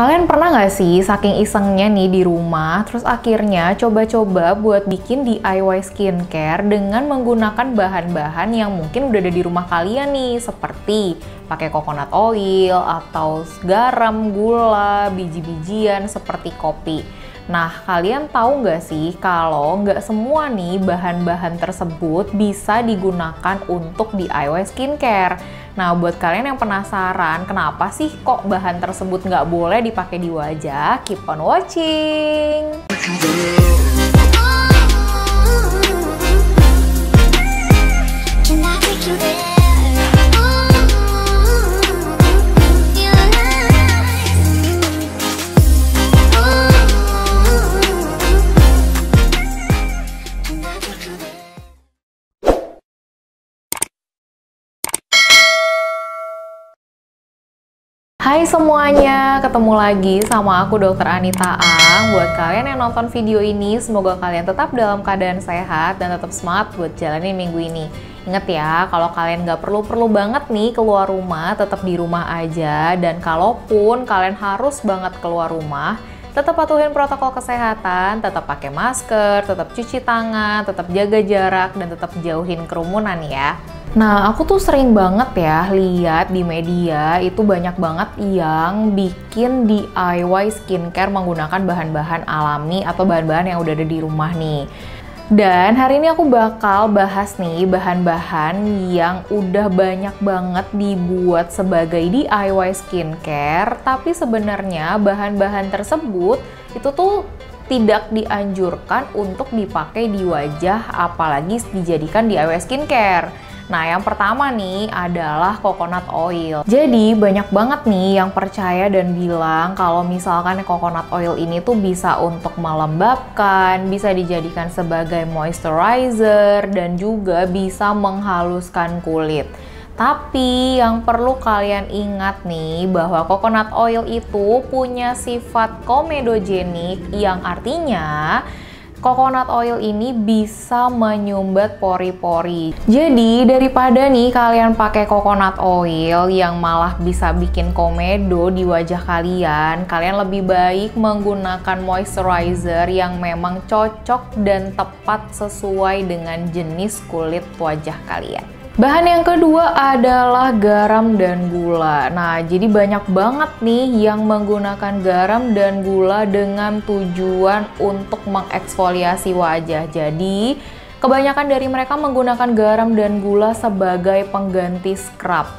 Kalian pernah nggak sih saking isengnya nih di rumah, terus akhirnya coba-coba buat bikin DIY skincare dengan menggunakan bahan-bahan yang mungkin udah ada di rumah kalian nih, seperti pakai coconut oil atau garam, gula, biji-bijian seperti kopi. Nah, kalian tahu nggak sih kalau nggak semua nih bahan-bahan tersebut bisa digunakan untuk DIY skincare. Nah, buat kalian yang penasaran kenapa sih kok bahan tersebut nggak boleh dipakai di wajah, keep on watching! Hai semuanya, ketemu lagi sama aku Dr. Anita Ang. Buat kalian yang nonton video ini, semoga kalian tetap dalam keadaan sehat dan tetap smart buat jalanin minggu ini. Ingat ya, kalau kalian nggak perlu-perlu banget nih keluar rumah, tetap di rumah aja. Dan kalaupun kalian harus banget keluar rumah, tetap patuhin protokol kesehatan, tetap pakai masker, tetap cuci tangan, tetap jaga jarak, dan tetap jauhin kerumunan ya. Nah, aku tuh sering banget ya lihat di media itu banyak banget yang bikin DIY skincare menggunakan bahan-bahan alami atau bahan-bahan yang udah ada di rumah nih. Dan hari ini aku bakal bahas nih bahan-bahan yang udah banyak banget dibuat sebagai DIY skincare, tapi sebenarnya bahan-bahan tersebut itu tuh tidak dianjurkan untuk dipakai di wajah apalagi dijadikan di DIY skincare. Nah, yang pertama nih adalah coconut oil. Jadi, banyak banget nih yang percaya dan bilang kalau misalkan coconut oil ini tuh bisa untuk melembabkan, bisa dijadikan sebagai moisturizer, dan juga bisa menghaluskan kulit. Tapi yang perlu kalian ingat nih bahwa coconut oil itu punya sifat komedogenik yang artinya Coconut oil ini bisa menyumbat pori-pori. Jadi daripada nih kalian pakai coconut oil yang malah bisa bikin komedo di wajah kalian, kalian lebih baik menggunakan moisturizer yang memang cocok dan tepat sesuai dengan jenis kulit wajah kalian. Bahan yang kedua adalah garam dan gula. Nah, jadi banyak banget nih yang menggunakan garam dan gula dengan tujuan untuk mengeksfoliasi wajah. Jadi, kebanyakan dari mereka menggunakan garam dan gula sebagai pengganti scrub.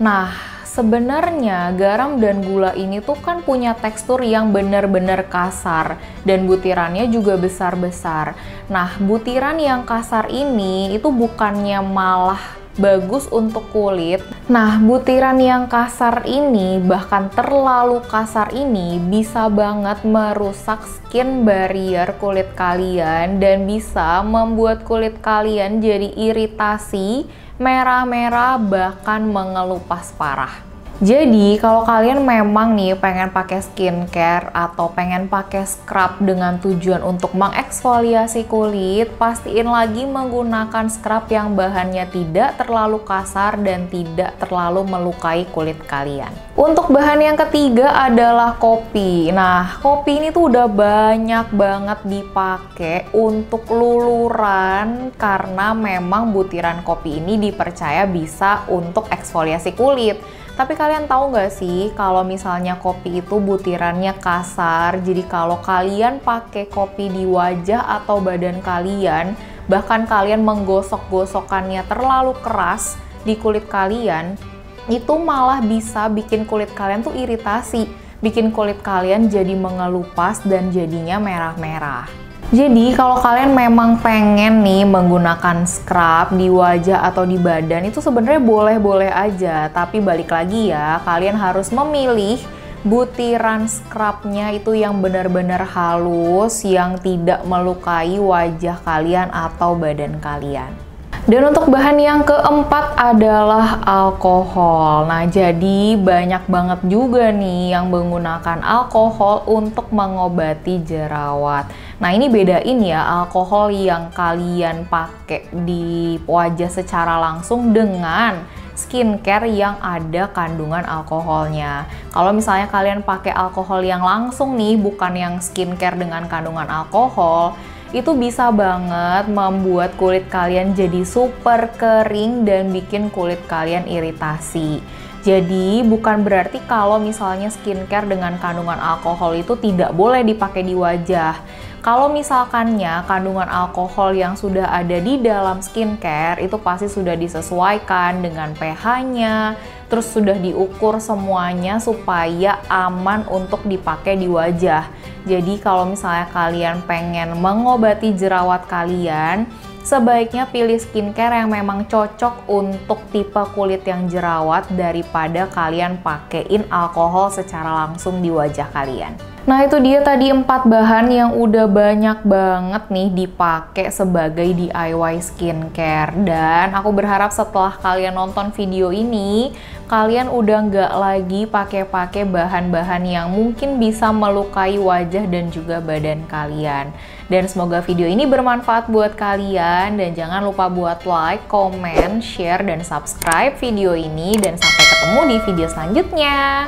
Nah, Sebenarnya garam dan gula ini tuh kan punya tekstur yang benar-benar kasar dan butirannya juga besar-besar. Nah, butiran yang kasar ini itu bukannya malah bagus untuk kulit. Nah, butiran yang kasar ini bahkan terlalu kasar ini bisa banget merusak skin barrier kulit kalian dan bisa membuat kulit kalian jadi iritasi merah-merah bahkan mengelupas parah. Jadi kalau kalian memang nih pengen pakai skincare atau pengen pakai scrub dengan tujuan untuk mengeksfoliasi kulit, pastiin lagi menggunakan scrub yang bahannya tidak terlalu kasar dan tidak terlalu melukai kulit kalian. Untuk bahan yang ketiga adalah kopi. Nah, kopi ini tuh udah banyak banget dipakai untuk luluran karena memang butiran kopi ini dipercaya bisa untuk eksfoliasi kulit. Tapi kalian tahu nggak sih kalau misalnya kopi itu butirannya kasar, jadi kalau kalian pakai kopi di wajah atau badan kalian, bahkan kalian menggosok-gosokannya terlalu keras di kulit kalian, itu malah bisa bikin kulit kalian tuh iritasi, bikin kulit kalian jadi mengelupas dan jadinya merah-merah. Jadi kalau kalian memang pengen nih menggunakan scrub di wajah atau di badan itu sebenarnya boleh-boleh aja, tapi balik lagi ya, kalian harus memilih butiran scrubnya itu yang benar-benar halus yang tidak melukai wajah kalian atau badan kalian. Dan untuk bahan yang keempat adalah alkohol. Nah, jadi banyak banget juga nih yang menggunakan alkohol untuk mengobati jerawat. Nah, ini bedain ya alkohol yang kalian pakai di wajah secara langsung dengan skincare yang ada kandungan alkoholnya. Kalau misalnya kalian pakai alkohol yang langsung nih, bukan yang skincare dengan kandungan alkohol, itu bisa banget membuat kulit kalian jadi super kering dan bikin kulit kalian iritasi. Jadi bukan berarti kalau misalnya skincare dengan kandungan alkohol itu tidak boleh dipakai di wajah. Kalau misalkannya kandungan alkohol yang sudah ada di dalam skincare itu pasti sudah disesuaikan dengan pH-nya, terus sudah diukur semuanya supaya aman untuk dipakai di wajah. Jadi kalau misalnya kalian pengen mengobati jerawat kalian, sebaiknya pilih skincare yang memang cocok untuk tipe kulit yang jerawat daripada kalian pakein alkohol secara langsung di wajah kalian. Nah itu dia tadi empat bahan yang udah banyak banget nih dipakai sebagai DIY skincare dan aku berharap setelah kalian nonton video ini kalian udah nggak lagi pakai-pakai bahan-bahan yang mungkin bisa melukai wajah dan juga badan kalian. Dan semoga video ini bermanfaat buat kalian dan jangan lupa buat like, comment, share, dan subscribe video ini dan sampai ketemu di video selanjutnya.